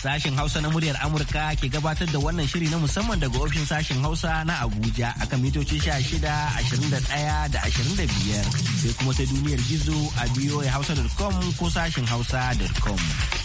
Sashen Hausa na muryar Amurka ke gabatar da wannan shiri na musamman daga ofishin sashen Hausa na Abuja a kan mitoci 16, 21 da 25 sai kuma ta duniyar gizo a hausa.com ko sashin hausa.com.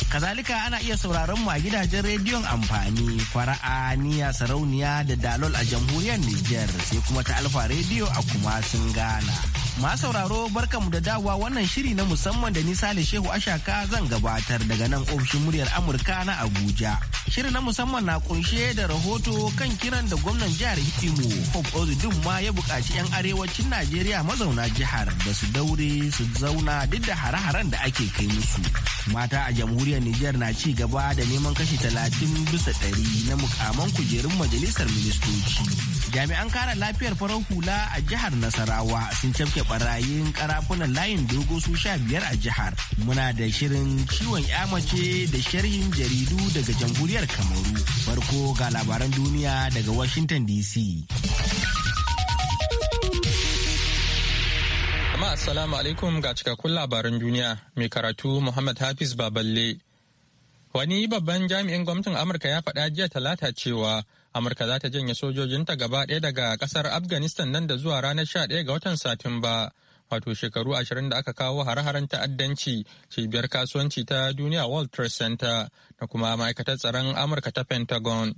Kazalika ana iya sauraron mu a gidajen rediyon amfani fara'a niya sarauniya da dalol a jamhuriyar Nijar sai kuma ta alfa rediyo a kuma sun gana. Ma sauraro barkamu da dawowa wannan shiri na musamman da ni Sale Shehu Ashaka zan gabatar daga nan ofishin muryar Amurka na Abuja. Shirin na musamman na kunshe da rahoto kan kiran da gwamnan jihar Hitimu. Hope Ozudin ma ya buƙaci 'yan arewacin Najeriya mazauna jihar da su daure su zauna duk da hare-haren da ake kai musu. Mata a jamhuriyar Nijar na ci gaba da neman kashi talatin bisa ɗari na mukaman kujerun majalisar ministoci. jami'an kare lafiyar farar hula a jihar nasarawa sun cafke barayin karafunan layin dogo su sha biyar a jihar muna da shirin ciwon yamace da sharhin jaridu daga jamhuriyar jamhuriyar Kamaru. Farko ga labaran duniya daga Washington DC. amma Assalamu alaikum ga cikakkun labaran duniya mai karatu Muhammad Hafiz Baballe. Wani babban jami'in gwamnatin Amurka ya faɗa jiya talata cewa Amurka za ta janye sojojinta gaba ɗaya daga ƙasar Afghanistan nan da zuwa ranar 11 ga watan Satumba. wato shekaru ashirin da aka kawo hare-haren ta'addanci cibiyar kasuwanci ta duniya world trade center da kuma ma'aikatar tsaron amurka ta pentagon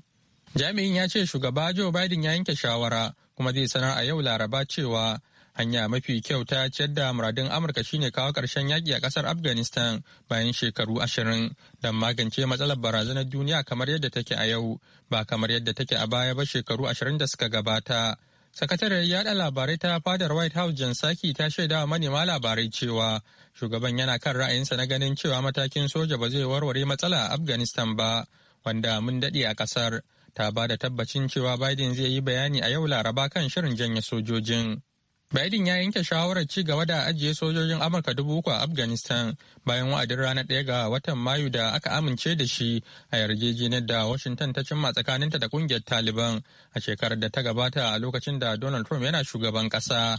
jami'in ya ce shugaba joe biden ya yanke shawara kuma zai sanar a yau laraba cewa hanya mafi kyau ta ciyar da muradin amurka shine kawo ƙarshen yaƙi a ƙasar afghanistan bayan shekaru ashirin don magance matsalar barazanar duniya kamar yadda take a yau ba kamar yadda take a baya ba shekaru ashirin da suka gabata sakataren yada labarai ta fadar white house jan saki ta shaida manema labarai cewa shugaban yana kan ra'ayinsa na ganin cewa matakin soja ba zai warware matsala a afghanistan ba wanda mun daɗe a ƙasar ta ba da tabbacin cewa biden zai yi bayani a yau laraba kan shirin janye sojojin Biden ya yanke shawarar ci gaba da ajiye sojojin Amurka dubu uku a Afghanistan bayan wa'adin ranar ɗaya ga watan Mayu da aka amince da shi a yarjejeniyar da Washington ta cimma tsakaninta da kungiyar Taliban a shekarar da ta gabata a lokacin da Donald Trump yana shugaban ƙasa.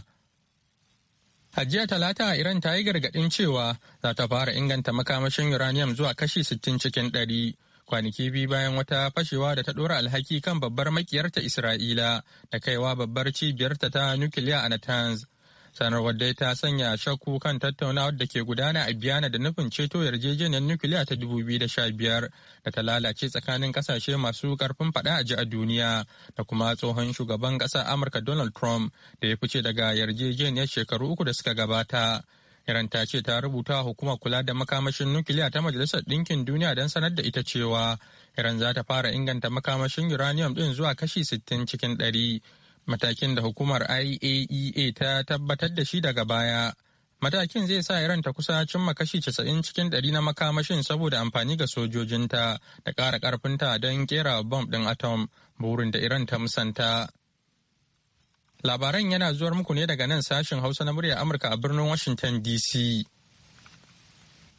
A jiya talata Iran ta yi gargaɗin cewa za ta fara inganta makamashin uranium zuwa kashi 60 cikin ɗari. kwanaki biyu bayan wata fashewa da ta ɗora alhaki kan babbar makiyarta Isra'ila da kaiwa babbar cibiyarta ta nukiliya a Natanz. Sanarwar dai ta sanya shakku kan tattaunawar da ke gudana a Biyana da nufin ceto yarjejeniyar nukiliya ta 2015 da ta lalace tsakanin kasashe masu karfin fada a ji a duniya da kuma tsohon shugaban kasa Amurka Donald Trump da ya fice daga yarjejeniyar shekaru uku da suka gabata. Iran ta ce ta rubuta hukumar kula da makamashin nukiliya ta Majalisar Ɗinkin Duniya don sanar da ita cewa Iran za ta fara inganta makamashin uranium ɗin zuwa kashi 60 cikin 100, matakin da hukumar IAEA e ta tabbatar da shi daga baya. Matakin zai sa Iran ta kusa cimma kashi 90 cikin 100 na makamashin saboda amfani ga sojojinta da ƙara ƙarfinta don kera bom ɗin atom, burin da Iran ta musanta. Labaran yana zuwar muku ne daga nan sashen Hausa na murya Amurka a birnin Washington DC.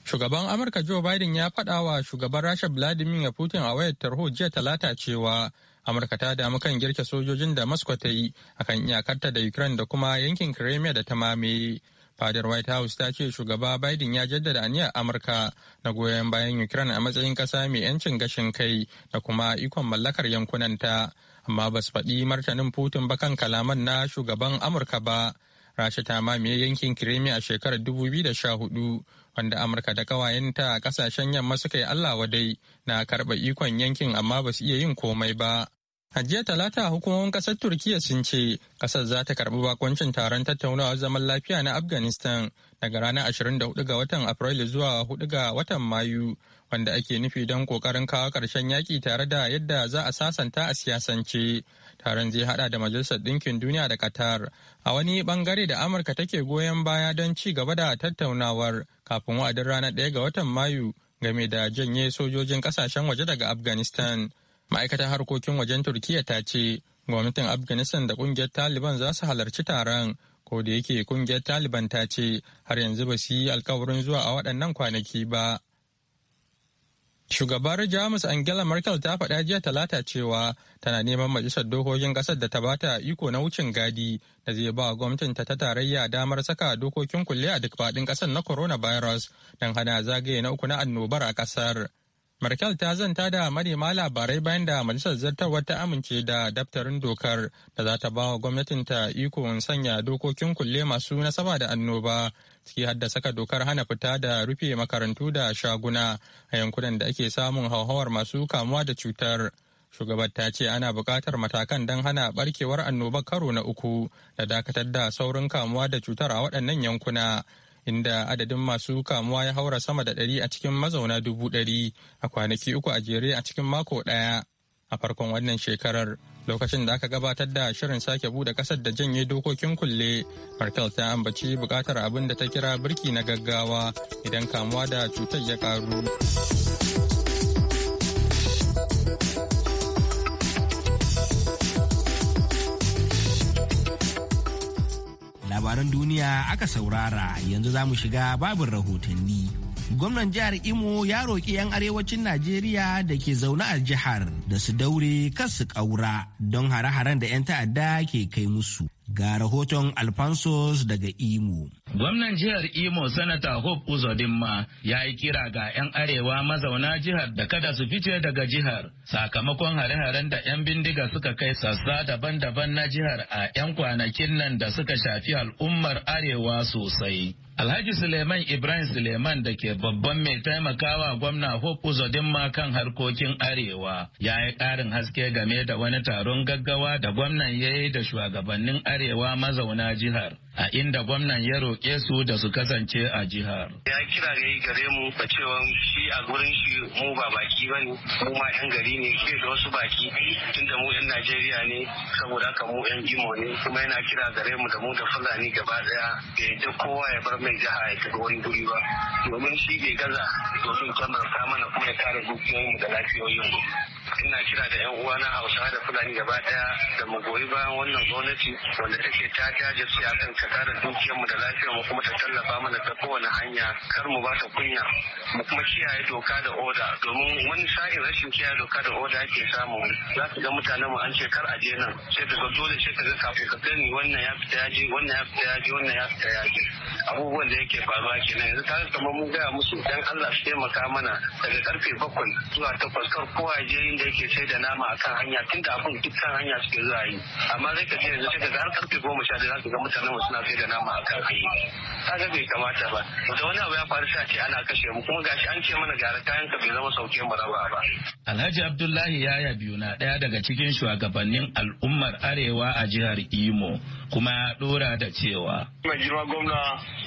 Shugaban Amurka Joe Biden ya faɗa wa shugaban Rasha Vladimir Putin a wayar tarho jiya talata cewa Amurka ta damu kan girke sojojin da Moscow ta yi akan iyakarta da Ukraine da kuma yankin Crimea da ta mamaye. Fadar White House ta ce shugaba Biden ya jaddada aniyar Amurka na goyon bayan Ukraine a matsayin ƙasa mai 'yancin gashin kai da kuma ikon mallakar yankunanta. amma ba su faɗi martanin putin ba kan kalaman na shugaban amurka ba rasha ta mamaye yankin kirimiya a shekarar 2014 wanda amurka da kawayenta a kasashen yamma suka yi allah wadai na karɓa ikon yankin amma ba su iya yin komai ba A jiya talata hukumomin kasar Turkiyya sun ce kasar za ta karbi bakoncin taron tattaunawar zaman lafiya na Afghanistan daga ranar 24 ga watan Afrilu zuwa 4 ga watan Mayu wanda ake nufi don kokarin kawo ƙarshen yaƙi tare da yadda za a sasanta a siyasance taron zai hada da majalisar ɗinkin duniya da qatar a wani bangare da amurka take goyon baya don ci gaba da tattaunawar kafin wa'adin ranar ɗaya ga watan mayu game da janye sojojin ƙasashen waje daga afghanistan ma'aikatar harkokin wajen turkiya ta ce gwamnatin afghanistan da ƙungiyar taliban za su halarci taron ko da yake ƙungiyar taliban ta ce har yanzu ba su yi alkawarin zuwa a waɗannan kwanaki ba Shugabar Jamus Angela Merkel ta faɗa jiya talata cewa tana neman majalisar dokokin ƙasar da ta bata iko na wucin gadi da zai ba gwamnatin ta tarayya damar saka dokokin kulle a duk faɗin ƙasar na coronavirus don hana zagaye na uku na annobar a ƙasar. Merkel ta zanta da manema labarai bayan da majalisar zartarwar ta amince da daftarin dokar da za ta ba wa gwamnatin ta ikon sanya dokokin kulle masu nasaba da annoba ciki har da saka dokar hana fita da rufe makarantu da shaguna a yankunan da ake samun hauhawar masu kamuwa da cutar. Shugabar ta ce ana buƙatar matakan don hana barkewar annobar karo na uku da dakatar da saurin kamuwa da cutar a waɗannan yankuna. Inda adadin masu kamuwa ya haura sama da ɗari a cikin mazauna dubu ɗari a kwanaki uku a jere a cikin mako ɗaya a farkon wannan shekarar. lokacin da aka gabatar da shirin sake bude kasar da janye dokokin kulle markel ta ambaci bukatar abin da ta kira birki na gaggawa idan kamuwa da cutar ya karu labaran duniya aka saurara yanzu za mu shiga babin rahotanni gwamnan jihar Imo ya roƙi 'yan arewacin Najeriya da ke zaune a jihar da su daure kar su ƙaura don hare-haren da 'yan ta'adda ke kai musu. Ga rahoton alfansos daga Imo. Gwamnan jihar Imo Sanata Hope Uzodinma ya yi kira ga 'yan arewa mazauna jihar da kada su fice daga jihar sakamakon hare-haren da 'yan bindiga suka kai sassa daban-daban na jihar a 'yan kwanakin nan da suka shafi al'ummar arewa sosai. Alhaji Suleiman Ibrahim Suleiman da ke babban mai taimakawa gwamna Hope Uzodinma kan harkokin Arewa ya yi ƙarin haske game da wani taron gaggawa da gwamnan ya yi da shugabannin Arewa mazauna jihar. a inda gwamnan ya roƙe su da su kasance a jihar. Ya kira ne gare mu a cewa shi a gurin shi mu ba baki ba ne, mu ma 'yan gari ne, ke da wasu baki da mu 'yan Najeriya ne, saboda haka mu 'yan Imo ne, kuma yana kira gare mu da mu da Fulani gaba ɗaya da kowa ya bar mai wannan jiha ya shiga wani guri ba domin shi bai gaza domin kamar samun kuma ya kare dukiyoyin da lafiyoyin mu. ina kira da yan uwana hausa da fulani gaba daya da mu goyi bayan wannan gwamnati wanda take ta jajirce a kan ta kare dukiyarmu da lafiyarmu kuma ta tallafa mana ta kowane hanya kar mu ba ta kunya mu kuma kiyaye doka da oda domin wani sa'in rashin kiyaye doka da oda ake samu za ka ga mutanen mu an ce kar a je nan sai ka ga dole sai ka ga kafin ka gani wannan ya fita ya je wannan ya fita ya je wannan ya fita ya je abubuwan da yake faruwa kenan yanzu ka kamar mun gaya musu dan Allah su taimaka mana daga karfe bakwai zuwa takwas kar kowa ya je da yake sai da nama a kan hanya tun da abin duk kan hanya suke zuwa yi amma zai ka yanzu sai ka har karfe goma sha za ka ga mutanen mu suna sai da nama a kan hanya kaga bai kamata ba da wani abu ya faru sai ce ana kashe mu kuma gashi an ce mana gara kayan ka bai zama sauke mu raba ba Alhaji Abdullahi Yaya biyu na ɗaya daga cikin shugabannin al'ummar Arewa a jihar Imo kuma ya ɗora da cewa. Mai girma gwamna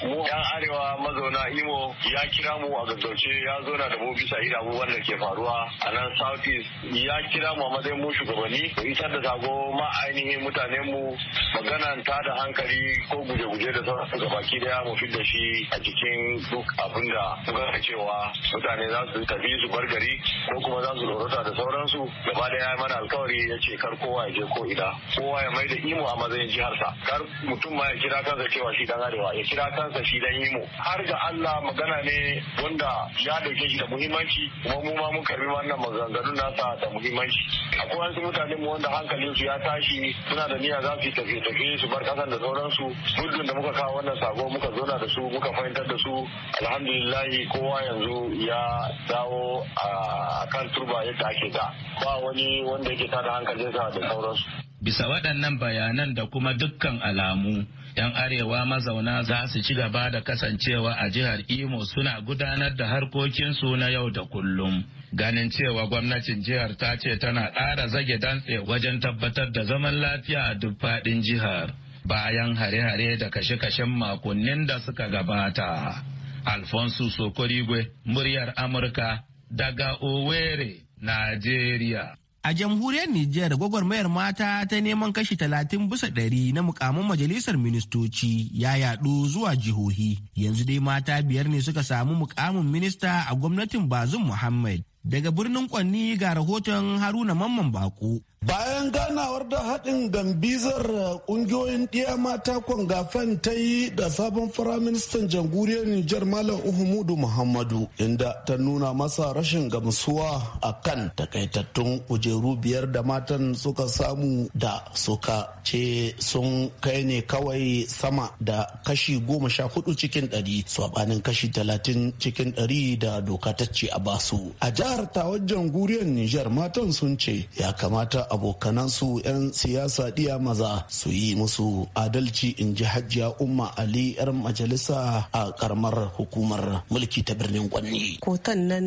mu ɗan Arewa mazauna Imo ya kira mu a gaggauce ya zo na da mu bisa irin abubuwan da ke faruwa a nan South East ya kira mu matsayin mu shugabanni isar da sako ma ainihin mutanen mu magana ta da hankali ko guje-guje da sauransu ga baki daya mu da shi a cikin duk abin da ga cewa mutane za su tafi su bar gari ko kuma za su dorota da sauransu gaba daya mana alkawari ya ce kar kowa ya je ko ina kowa ya mai da imo a matsayin jiharsa kar mutum ma ya kira kansa cewa shi dan arewa ya kira kansa shi dan imo har ga Allah magana ne wanda ya dauke shi da muhimmanci kuma mu ma mun karbi wannan maganganun nasa da muhimmanci akwai wasu mutane mu wanda su ya tashi suna da niyya za su tafi tafi su bar kasan da sauransu muddin da muka kawo wannan sako muka zauna da su muka fahimtar da su alhamdulillahi kowa yanzu ya dawo a kan turba yadda ake ta ba wani wanda yake tada hankalinsa da sauransu bisa waɗannan bayanan da kuma dukkan alamu 'yan arewa mazauna za su ci gaba da kasancewa a jihar imo suna gudanar da harkokinsu na yau da kullum ganin cewa gwamnatin jihar ta ce tana ƙara zage dantse wajen tabbatar da zaman lafiya a duk faɗin jihar bayan hare-hare da kashe-kashen makonnin da suka gabata alfonso sokorigwe muryar amurka daga owerri najeriya A jamhuriyar Nijar gwagwarmayar mata ta neman kashi talatin bisa ɗari na mukamin majalisar ministoci ya yaɗu zuwa jihohi. Yanzu dai mata biyar ne suka samu mukamin minista a gwamnatin Bazum Muhammad. Daga birnin Kwanni ga rahoton Haruna Mamman Bako. bayan ganawar da haɗin gambizar eh, ƙungiyoyin ɗiya mata kwangafan ta yi da sabon firaministan jamhuriyar nijar malam uhumudu muhammadu inda ta nuna masa rashin gamsuwa a kan takaitattun kujeru biyar da matan suka samu da suka ce sun kai ne kawai sama da kashi goma sha hudu cikin ɗari saɓanin kashi talatin cikin ɗari da doka ta ce a basu a jihar tawar jamhuriyar nijar matan sun ce ya kamata abokanansu 'yan siyasa ɗiya maza su yi musu adalci in ji hajjiya umma ali 'yar majalisa a karamar hukumar mulki ta birnin kwanni kotan nan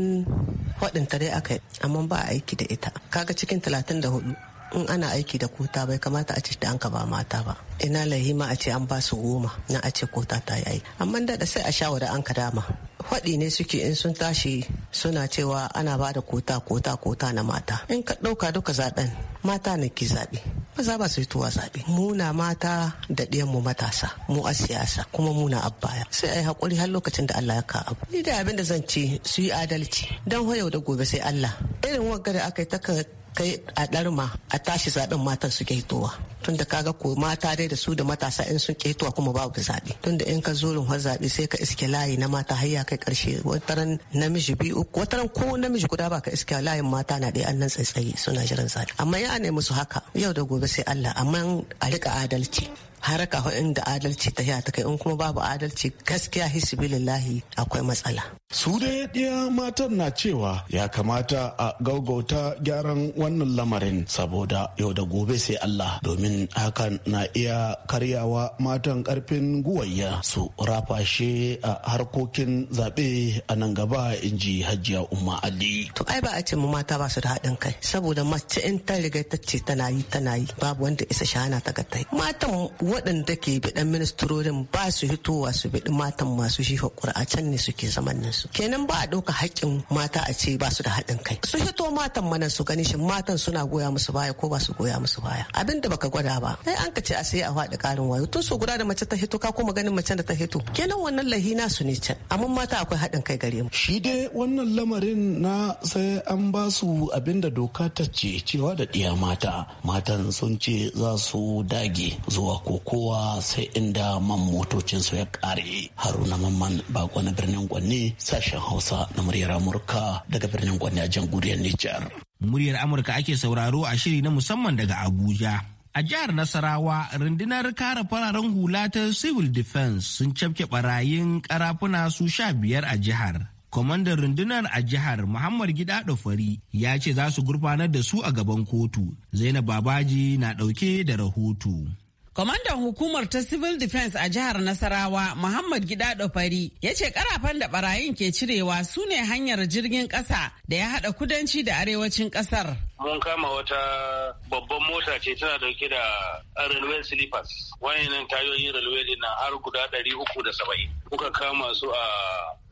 waɗanta dai aka yi amma ba a aiki da ita kaga cikin 34 in ana aiki da kota bai kamata a ce da an ba mata ba ina lahima a ce an ba su goma na a ce kota ta yi aiki amma da sai a shawara an ka dama faɗi ne suke in sun tashi suna cewa ana ba da kota kota kota na mata in ka ɗauka duka zaɓen mata ne ke zaɓe maza ba su tuwa zaɓe muna mata da mu matasa mu a siyasa kuma muna abbaya sai a yi haƙuri har lokacin da Allah ya ka abu ni da abin da zan ce su yi adalci don hoyau da gobe sai Allah irin wagga da aka yi ta kai a ɗarma a tashi zaɓen matan suke hitowa tunda kaga ko mata dai da su da matasa in sun ke hitowa kuma babu zaɓe tunda in ka zo rumfar zaɓe sai ka iske layi na mata har ya kai ƙarshe wataran namiji biyu wataran ko namiji guda ba ka iske layin mata na ɗaya nan tsaitsayi suna jiran zaɓe amma ya ne su haka yau da gobe sai Allah amma a riƙa adalci haraka da adalci ta ta kai in kuma babu adalci gaskiya hisbilillahi akwai matsala. su dai ɗiya matan na cewa ya kamata a gaugauta gyaran wannan lamarin saboda yau da gobe sai Allah domin hakan na iya karyawa matan karfin guwayya su rafashe a harkokin zaɓe a nan gaba in ji hajiya umma ali. to ai ba a ce mu mata ba su da haɗin kai saboda mace in ta riga ta ce tana yi tana yi babu wanda isa shana ta ga ta matan waɗanda ke biɗan ministrorin ba su hitowa su biɗi matan masu jifa ƙuri'a can ne suke zaman nan su kenan ba a ɗauka haƙƙin mata a ce ba su da haɗin kai su hito matan mana su gani shin matan suna goya musu baya ko ba su goya musu baya abin da baka gwada ba ai an ka ce a sai a faɗi ƙarin wayo tun su guda da mace ta hito ka kuma ganin mace da ta hito kenan wannan lahina su ne can amma mata akwai haɗin kai gare mu shi dai wannan lamarin na sai an ba su abin da doka ta ce cewa da ɗiya mata matan sun ce za su dage zuwa ko kowa sai inda man motocinsu ya kare haruna mamman bako na birnin gwanne sashen hausa na muryar amurka daga birnin gwanne a jamhuriyar nijar muryar amurka ake sauraro a shiri na musamman daga abuja a jihar nasarawa rundunar kare fararen hula ta civil defense sun cafke barayin karafuna su sha biyar a jihar kwamandan rundunar a jihar muhammad gida fari ya ce za su gurfanar da su a gaban kotu zainab babaji na dauke da rahoto Kwamandan hukumar ta Civil Defense a jihar Nasarawa, Muhammad gida dofari ya ce karafan da barayin ke cirewa su ne hanyar jirgin ƙasa da ya haɗa kudanci da arewacin ƙasar. Mun kama wata babban mota ce tana dauke da railway slippers, wayannan tayoyin railway din har guda ɗari uku da saba'in. Kuka kama su a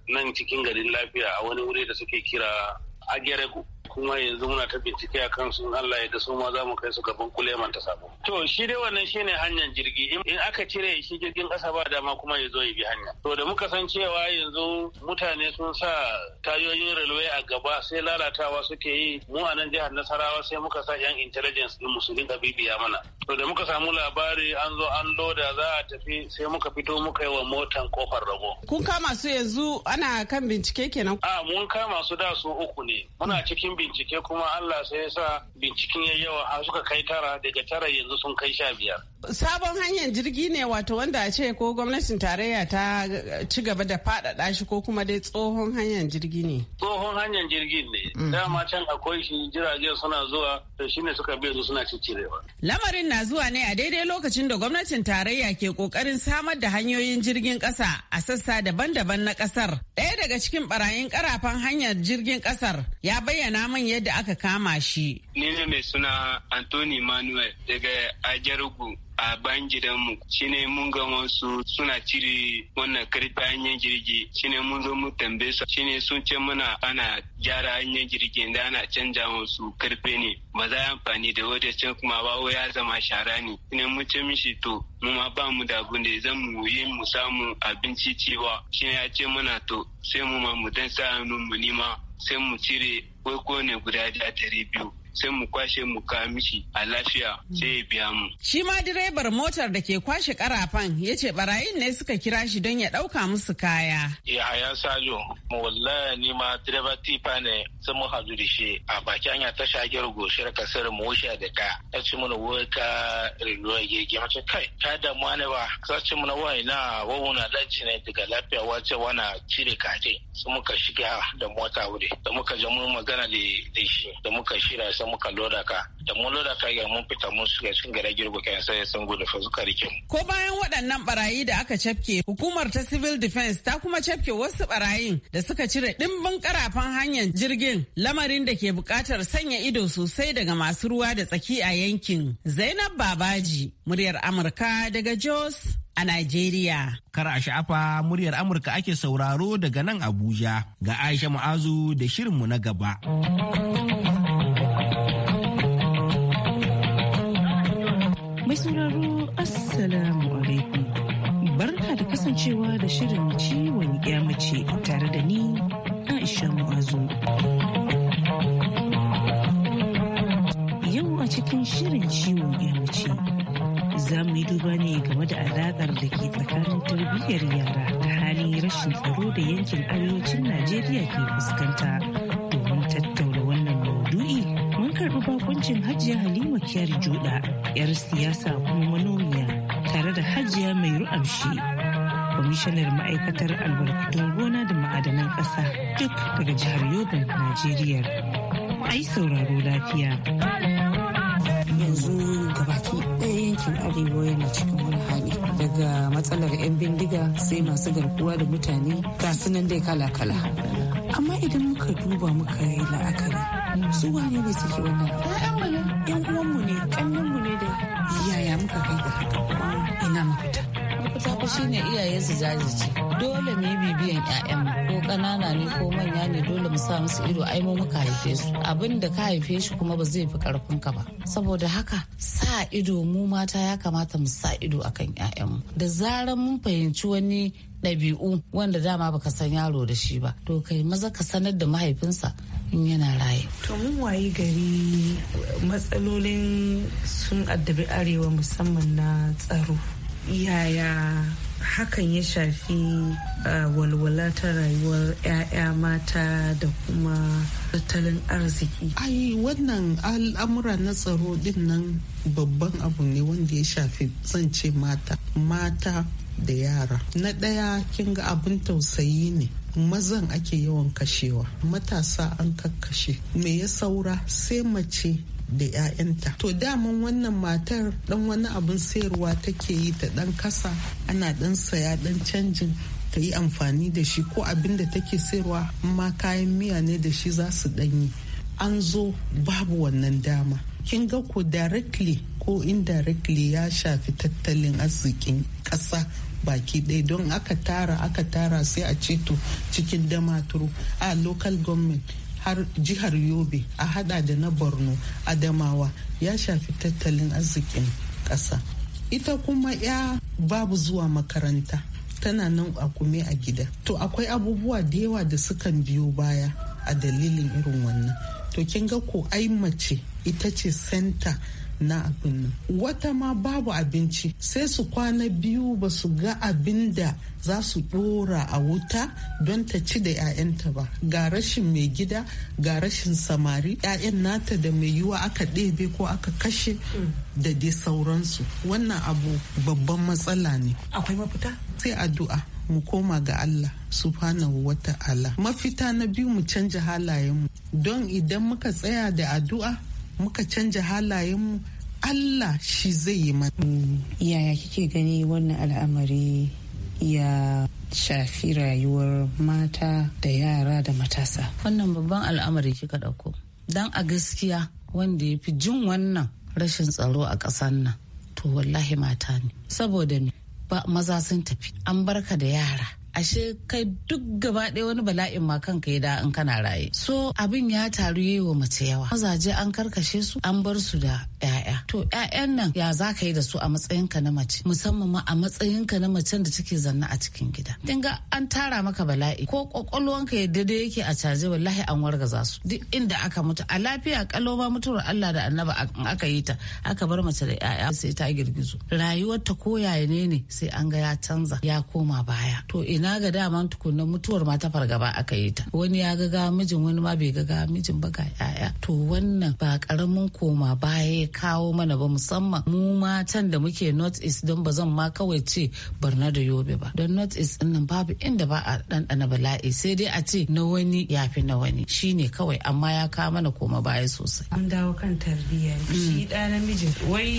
nan cikin garin lafiya a wani wuri da suke kira Agerego. kuma yanzu muna ta bincike a kan sun Allah ya da su ma za mu kai su gaban kuleman ta sabo. To shi dai wannan shine hanyar jirgi in aka cire shi jirgin kasa ba dama kuma ya zo ya bi hanya. To da muka san cewa yanzu mutane sun sa tayoyin railway a gaba sai lalatawa suke yi mu a nan jihar Nasarawa sai muka sa yan intelligence din musu dinga bibiya mana. To da muka samu labari an zo an loda za a tafi sai muka fito muka yi wa motan kofar rago. Kun kama su yanzu ana kan bincike kenan. A mun kama su da su uku ne. Muna cikin bincike kuma Allah sai ya sa binciken ya yawa har suka kai tara daga tara yanzu sun kai sha biyar. Sabon hanyar jirgi ne wato wanda a ce ko gwamnatin tarayya ta ci gaba da faɗaɗa shi ko kuma dai tsohon hanyar jirgi ne. Tsohon hanyar jirgi ne. Mm. Dama can akwai shi jiragen suna zuwa da shine suka bi su suna ciccirewa. Lamarin na zuwa ne a daidai lokacin da gwamnatin tarayya ke kokarin samar da hanyoyin jirgin ƙasa a sassa daban-daban na ƙasar. Ɗaya daga cikin barayin karafan hanyar jirgin kasar ya bayyana min yadda aka kama shi. Ni ne mai suna Anthony Manuel daga Ajarugu a bayan gidanmu ne mun ga wasu suna cire wannan karfi hanyar jirgi ne mun zo mu tambaye su ne sun ce muna ana gyara hanyar jirgi da ana canja wasu karfe ne ba za a amfani da wajen kuma ba ya zama shara ne ne mun ce mishi to mu ma ba mu da abin da zan mu yi mu samu abinci cewa? ba ne ya ce muna to sai mu ma mu dan sa hannun mu nima sai mu cire ko ne guda da dari biyu sai mu kwashe mu ka mishi a lafiya sai ya biya mu. Shi ma direbar motar da ke kwashe karafan ya ce barayin ne suka kira shi don ya ɗauka musu kaya. Yahaya Sajo, mu wallahi ni ma direba tifa ne sun mu hadu da shi a baki hanya ta shagar goshiyar kasar mu da ka. Ya ce mana wai ka riluwa gege mace kai ka damuwa ne ba. Sa ce mana wai na wawuna daji ne daga lafiya wace wana cire kace. sun muka shiga da mota wuri da muka je mun magana da shi da muka shirya sai muka loda ka da mun loda ka ga mun fita mun shiga cikin gare girgo kayan sai sun gudu fa suka rike mu ko bayan waɗannan barayi da aka cafke hukumar ta civil defense ta kuma cafke wasu barayin da suka cire dimbin karafan hanyar jirgin lamarin da ke buƙatar sanya ido sosai daga masu ruwa da tsaki a yankin zainab babaji muryar amurka daga jos a Najeriya. Kar a sha'afa muryar Amurka ake sauraro daga nan Abuja ga Aisha Mu'azu da shirinmu na gaba. Mai sauraro Assalamu alaikum. Barka da kasancewa da shirin ciwon yamace tare da ni Aisha Mu'azu. Yau a cikin shirin ciwon yamace za mu yi duba ne game da alaƙar da ke tsakanin tarbiyyar yara ta hali rashin tsaro da yankin arewacin Najeriya ke fuskanta domin tattauna. jagorancin hajiya halima kiyar juda yar siyasa kuma manomiya tare da hajiya mai ru'amshi kwamishinar ma'aikatar albarkatun gona da ma'adanan ƙasa duk daga jihar yobe najeriya ai sauraro lafiya yanzu gabaki ɗaya yankin arewa yana cikin wani hali daga matsalar 'yan bindiga sai masu garkuwa da mutane ga sunan dai kala-kala duba muka yi la'akari su wane ne suke wannan su jajirce dole mu yi bibiyan mu ko ƙanana ne ko manya ne dole mu sa musu ido ai mu muka haife su abin da ka haife shi kuma ba zai fi karfin ka ba saboda haka sa ido mu mata ya kamata mu sa ido akan mu da zarar mun fahimci wani ɗabi'u wanda dama baka san yaro da shi ba to kai maza ka sanar da mahaifinsa in yana raye. To mun wayi gari matsalolin sun addabi arewa musamman na tsaro. Yaya hakan ya shafi uh, walwala ta rayuwar 'ya'ya mata da kuma tattalin arziki ai wannan al'amura na tsaro din nan babban abu ne wanda ya shafi zance mata mata da yara na ɗaya kin ga abin tausayi ne mazan ake yawan kashewa matasa an kakkashe me ya saura sai mace da 'ya'yanta to daman wannan matar dan wani abin sayarwa take yi ta dan kasa ana dan saya dan canjin ta yi amfani da shi ko abin da take sayarwa ma kayan miya ne da shi za su yi an zo babu wannan dama kin ga ko directly ko indirectly ya shafi tattalin arzikin ƙasa baki ɗaya don aka tara aka tara sai a ceto cikin damaturu a local government har jihar yobe a hada da na borno adamawa ya shafi tattalin arzikin kasa ita kuma ya babu zuwa makaranta tana nan a kume a gida to akwai abubuwa da yawa da sukan biyo baya a dalilin irin wannan to kin ga ko ai mace ita ce senta na abin nan wata ma babu abinci sai su kwana biyu ba su ga abin da za su dora a wuta don ta ci da 'ya'yanta ba ga rashin mai gida ga rashin samari 'ya'yan nata da mai yiwa aka ɗebe ko aka kashe da dai sauransu wannan abu babban matsala ne akwai mafita sai addu'a mu koma ga Allah subhanahu wa ta'ala mafita na biyu mu canja halayenmu don idan muka tsaya da addu'a muka canja halayenmu Allah shi zai yi mata. Yaya kike gani wannan al'amari ya shafi rayuwar mata da yara da matasa? Wannan babban al'amari kika ɗauko. Dan a gaskiya wanda ya fi jin wannan rashin tsaro a ƙasar nan to wallahi mata ne. Saboda ne ba maza sun tafi an barka da yara ashe kai duk gaba ɗaya wani bala'in ma kanka ya da in kana raye so abin ya taru yi wa mace yawa mazaje an karkashe su an bar su da 'ya'ya to 'ya'yan nan ya za ka yi da su a matsayinka na mace musamman ma a matsayin ka na macen da take zanna a cikin gida dinga an tara maka bala'i ko kwakwalwanka ya daidai yake a caje wallahi an wargaza su duk inda aka mutu a lafiya kalo mutuwar Allah da annaba in aka yi ta aka bar mace da 'ya'ya sai ta girgizo rayuwarta ta koyaye ne ne sai an ga ya canza ya koma baya to ina ga daman tukunna mutuwar ma ta fargaba aka yi ta wani ya ga mijin wani ma bai ga mijin ba ga 'ya'ya to wannan ba karamin koma baya kawo mana ba musamman mu matan da muke north east don ba zan ma kawai ce barna da yobe ba don north east din nan babu inda ba a ɗanɗana bala'i sai dai a ce na wani ya fi na wani shine kawai amma ya kawo mana koma baya sosai an dawo kan tarbiyya mm. shi ɗa namijin wai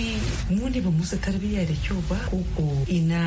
mu ne ba musu tarbiyya da kyau ba ko ina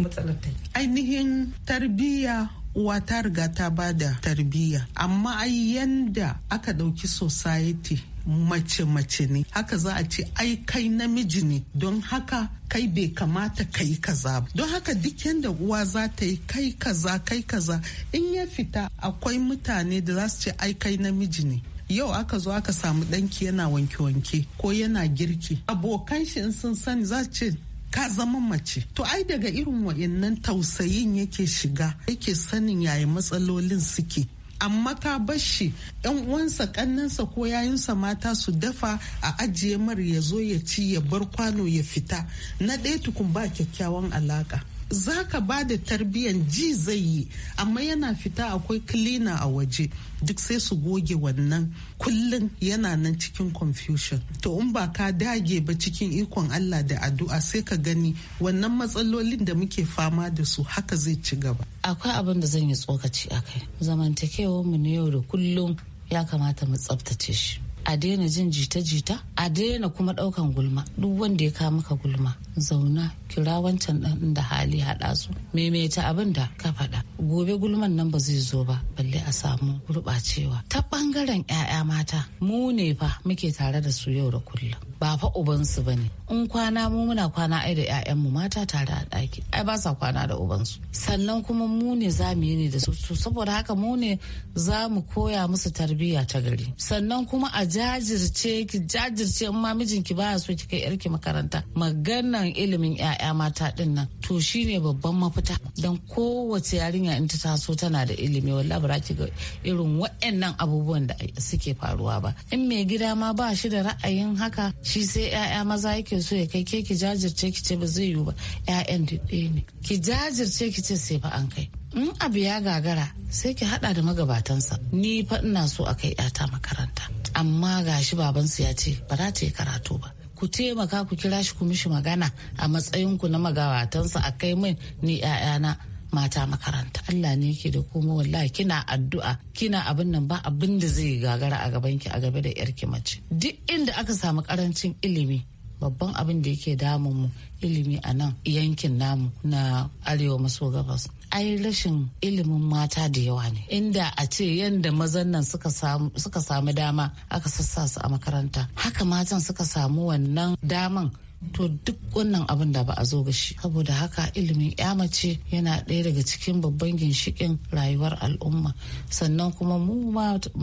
matsalar ta ainihin tarbiyya uwa ta riga ta ba da tarbiyya amma ai yanda aka ɗauki society mace-mace ne haka za a ce ai kai namiji ne don haka kai bai kamata ka yi kaza ba don haka duk yadda uwa za ta yi kai kaza kai kaza in ya fita akwai mutane da za su ce ai kai namiji ne yau aka zo aka samu ɗanki yana wanke-wanke ko yana girki abokan shi in sun sani za ce ka zama mace to ai daga irin wa'annan tausayin yake shiga yake sanin yaya matsalolin suke amma ka bashi shi yan uwansa kannansa ko yayinsa mata su dafa a ajiye mar ya zo ya ci ya bar kwano ya fita na ɗaya tukun ba kyakkyawan alaka za ka ba da tarbiyyan ji zai yi amma yana fita akwai kilina a waje duk sai su goge wannan kullum yana nan cikin confusion to in ba ka dage ba cikin ikon Allah da addu'a sai ka gani wannan matsalolin da muke fama da su haka zai ci gaba akwai abin da zan yi tsokaci akai zamantakewar mu na yau da kullum ya kamata mu tsaftace shi a daina jin jita-jita a daina kuma daukan gulma duk wanda ya ka maka gulma zauna kira wancan dan da hali haɗa su maimaita abin da ka faɗa gobe gulman nan ba zai zo ba balle a samu gurɓacewa ta ɓangaren 'ya'ya mata mu ne fa muke tare da su yau da kullum ba fa ubansu ba ne in kwana mu muna kwana ai da 'ya'yanmu mata tare a ɗaki ai ba sa kwana da ubansu sannan kuma mu ne za mu yi ne da su saboda haka mu ne za mu koya musu tarbiyya ta gari sannan kuma a jajirce ki jajirce in ma mijinki baya so ki kai yarki makaranta maganan ilimin yaya mata din nan to shine babban mafita dan kowace yarinya in ta taso tana da ilimi wallahi ba ki ga irin waɗannan abubuwan da suke faruwa ba in mai gida ma ba shi da ra'ayin haka shi sai yaya maza yake so ya kai ke ki jajirce ki ce ba zai yiwu ba ƴaƴan da ne ki jajirce ki ce sai ba an kai in abu ya gagara sai ki hada da magabatansa ni fa ina so a kai yata makaranta amma gashi babansu ya ce ba za ta yi karatu ba ku taimaka ku kira shi ku mishi magana a matsayinku na magabatansa a kai min ni 'ya'yana mata makaranta Allah ne yake da kuma wallahi kina addu'a kina abin nan ba abin da zai gagara a gaban ki a gaba da yarki mace duk inda aka samu karancin ilimi babban abin da yake damun mu ilimi a nan yankin namu na arewa maso gabas ai rashin ilimin mata da yawa ne inda a ce yadda mazan nan suka samu dama aka sassa su a makaranta haka matan suka samu wannan daman to duk wannan abin da ba a zo ga shi saboda haka ilimin ya mace yana ɗaya daga cikin babban ginshikin rayuwar al'umma sannan kuma mu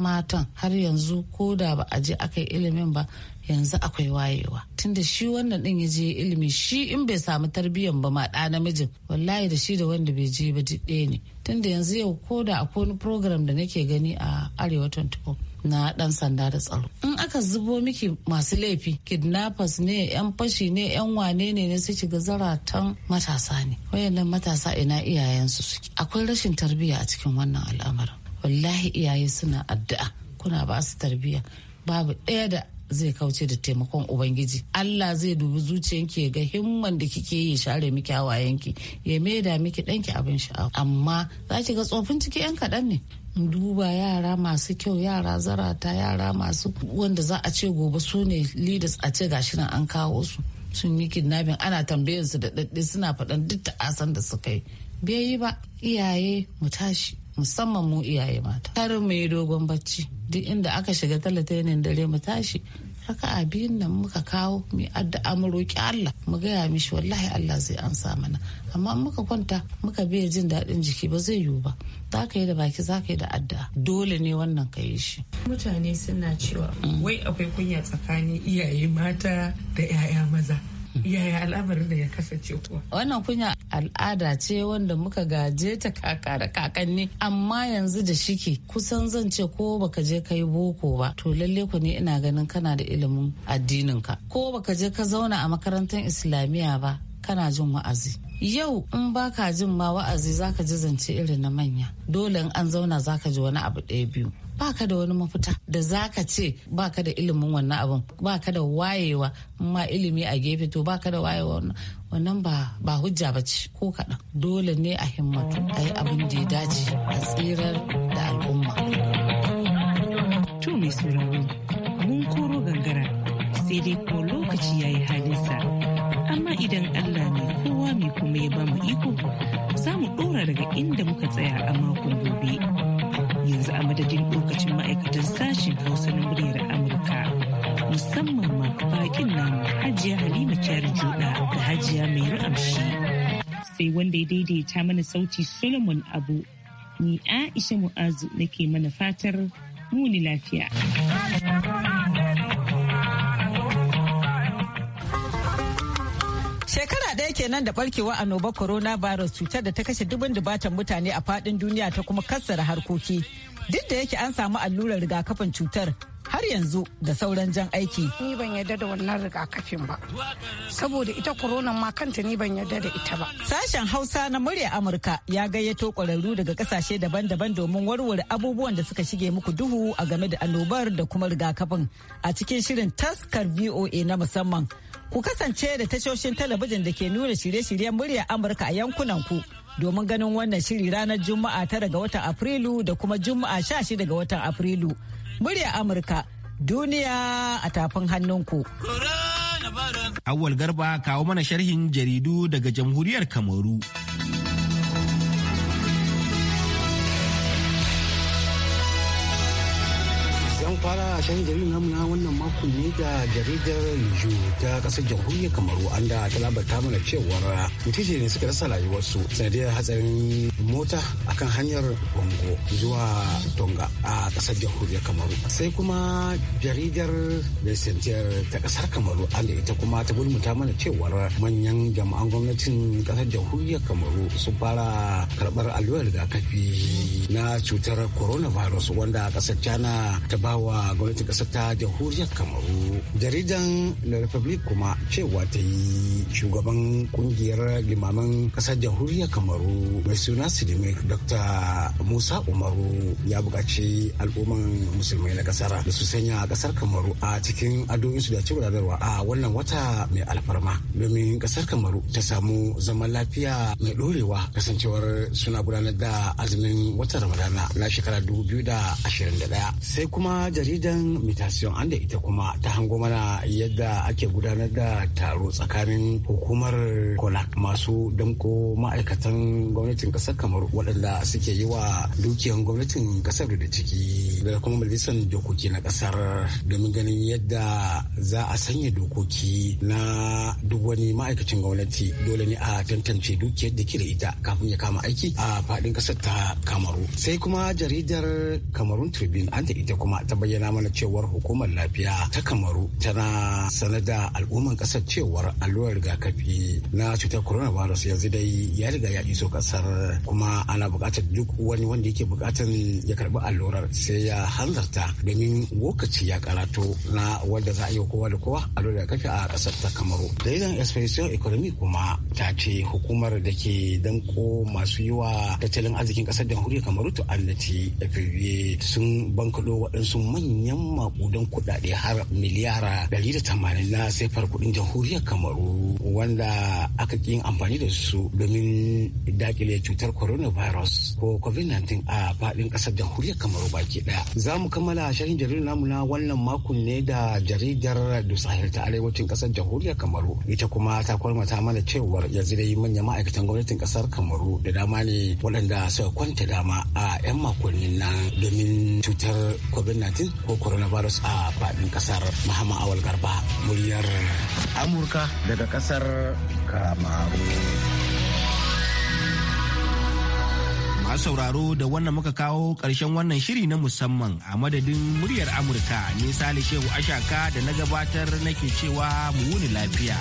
matan har yanzu ko da ba a je aka yi ilimin ba yanzu akwai wayewa tunda shi wannan din ya je ilimi shi in bai samu tarbiyyan ba ma ɗa namijin wallahi da shi da wanda bai je ba duk ɗaya ne tunda yanzu yau ko da akwai wani program da nake gani a arewa 24 na ɗan sanda da tsaro in aka zubo miki masu laifi kidnappers ne yan fashi ne yan wane ne ne su shiga zaratan matasa ne wayannan matasa ina iyayensu suke akwai rashin tarbiyya a cikin wannan al'amarin wallahi iyaye suna addu'a kuna ba su tarbiyya babu ɗaya da zai kauce da taimakon ubangiji Allah zai dubi zuciyanki ya ga himman da kike yi share miki hawayenki ya maida miki danki abin sha'awa amma za ki ga tsofin ciki yan kaɗan ne duba yara masu kyau yara zarata yara masu wanda za a ce gobe su ne leaders a ce gashi nan an kawo su sun yi kidnapping ana tambayansu da ɗaɗɗe suna faɗan duk ta'asan da suka yi bai yi ba iyaye mu tashi musamman mu iyaye mata har mu yi dogon bacci duk inda aka shiga talatainin dare mu tashi haka abin nan muka kawo mu addu'a mu roki Allah mu gaya mishi wallahi Allah zai ansa mana amma in muka kwanta muka biya jin daɗin jiki ba zai yiwu ba za ka yi da baki za ka yi da addu'a dole ne wannan ka yi shi mutane suna cewa mm. wai akwai kunya tsakanin iyaye mata da 'ya'ya maza yaya al'amarin da ya kasance kuwa wannan kunya al'ada ce wanda muka gaje ta kaka da kakanni amma yanzu da shike kusan zan ce ko baka je kai boko ba to lalle ku ne ina ganin kana da ilimin addinin ka ko baka je ka zauna a makarantar islamiyya ba kana jin wa'azi yau in baka jin ma wa'azi zaka ji zance irin na manya dole in an zauna zaka ji wani abu ɗaya biyu baka da wani mafita da zaka ce baka da ilimin wannan abin baka da wayewa ma ilimi a gefe to baka da wayewa wannan ba ba hujja ba ce ko kaɗan dole ne a himmatu a yi abin da ya dace a tsirar da al'umma. To mai sauraro mun koro gangara sai dai ko lokaci ya yi halinsa amma idan Allah ne kowa mai kuma ya mu iko za mu ɗora daga inda muka tsaya a makon gobe. adadin lokacin ma'aikatan sashen hausa na muryar amurka musamman ma bakin na hajiya halima kyar juda da hajiya mai ra'amshi sai wanda ya daidaita mana sauti solomon abu ni aisha mu'azu nake mana fatar muni lafiya Shekara ɗaya kenan da barkewa annoba coronavirus cutar da ta kashe dubin dubatan mutane a faɗin duniya ta kuma kassara harkoki. duk da yake an samu allurar rigakafin cutar har yanzu da sauran jan aiki. Ni ban yarda da wannan rigakafin ba, saboda ita koronan ma kanta ni ban yarda da ita ba. Sashen Hausa na murya Amurka ya gayyato ƙwararru daga ƙasashe daban-daban domin warware abubuwan da suka shige muku duhu a game da annobar da kuma rigakafin a cikin shirin taskar VOA na musamman. Ku kasance da tashoshin talabijin da ke nuna shirye-shiryen murya Amurka a yankunanku ku. domin ganin wannan shiri ranar Juma'a tara ga watan Afrilu da kuma Juma'a sha shida ga watan Afrilu. Murya Amurka, duniya a tafin hannunku. Awwal Garba kawo mana sharhin jaridu daga Jamhuriyar Kamaru. fara shan jaridar namu na wannan mako ne da jaridar Lijo ta kasar jamhuriyar Kamaru an da ta labarta mana cewar mutane ne suka rasa rayuwarsu sanadiyar hatsarin mota a kan hanyar Bongo zuwa Tonga a kasar jamhuriyar Kamaru. Sai kuma jaridar Besentiyar ta kasar Kamaru an da ita kuma ta gulmuta mana cewar manyan jama'an gwamnatin kasar jamhuriyar Kamaru sun fara karɓar allurar rigakafi na cutar coronavirus wanda kasar China ta bawa wa gwamnatin kasar ta jamhuriyar kamaru jaridan la republic kuma cewa ta yi shugaban kungiyar limaman kasar jamhuriyar kamaru mai suna sidimik dr musa umaru ya buƙaci al'umman musulmai na ƙasar da su sanya kasar kamaru a cikin adoyinsu da ci gudanarwa a wannan wata mai alfarma domin kasar kamaru ta samu zaman lafiya mai ɗorewa kasancewar suna gudanar da azumin watan ramadana na shekara 2021 sai kuma jaridan mutation an da ita kuma ta hango mana yadda ake gudanar da taro tsakanin hukumar kola masu damko ma'aikatan gwamnatin kasar kamar waɗanda suke yi wa dukiyar gwamnatin kasar da ciki da kuma majalisar dokoki na kasar domin ganin yadda za a sanya dokoki na duk wani ma'aikacin gwamnati dole ne a tantance dukiyar da ke da ita kafin ya kama aiki a faɗin kasar ta kamaru sai kuma jaridar kamarun tribune an ta ita kuma ta bayyana bayyana mana cewar hukumar lafiya ta kamaru tana sanar da al'umman kasar cewar allurar rigakafi na cutar coronavirus yanzu dai ya riga ya iso kasar kuma ana buƙatar duk wani wanda yake buƙatar ya karbi allurar sai ya hanzarta domin lokaci ya karato na wanda za a yi kowa da kowa allurar rigakafi a kasar ta kamaru da idan expression economy kuma ta ce hukumar da ke danko masu yi wa tattalin arzikin kasar jamhuriyar kamaru to annati fba sun bankado waɗansu manyan makudan kuɗaɗe har miliyara tamanin na saifar kuɗin jamhuriyar kamaru wanda aka ƙi amfani da su domin dakile cutar coronavirus ko covid-19 a faɗin ƙasar jamhuriyar kamaru baki ɗaya za mu kammala shirin jaridar namu na wannan makon ne da jaridar du ta arewacin ƙasar jamhuriyar kamaru ita kuma ta kwarmata mana cewar yanzu dai manyan ma'aikatan gwamnatin ƙasar kamaru da dama ne waɗanda suka kwanta dama a 'yan makonnin nan domin cutar covid-19 ko coronavirus a faɗin ƙasar mahama awal garba muryar amurka daga ƙasar kamaru Ma sauraro da wannan muka kawo ƙarshen wannan shiri na musamman a madadin muryar amurka ne sale shehu ashaka da na gabatar nake cewa mu wuni lafiya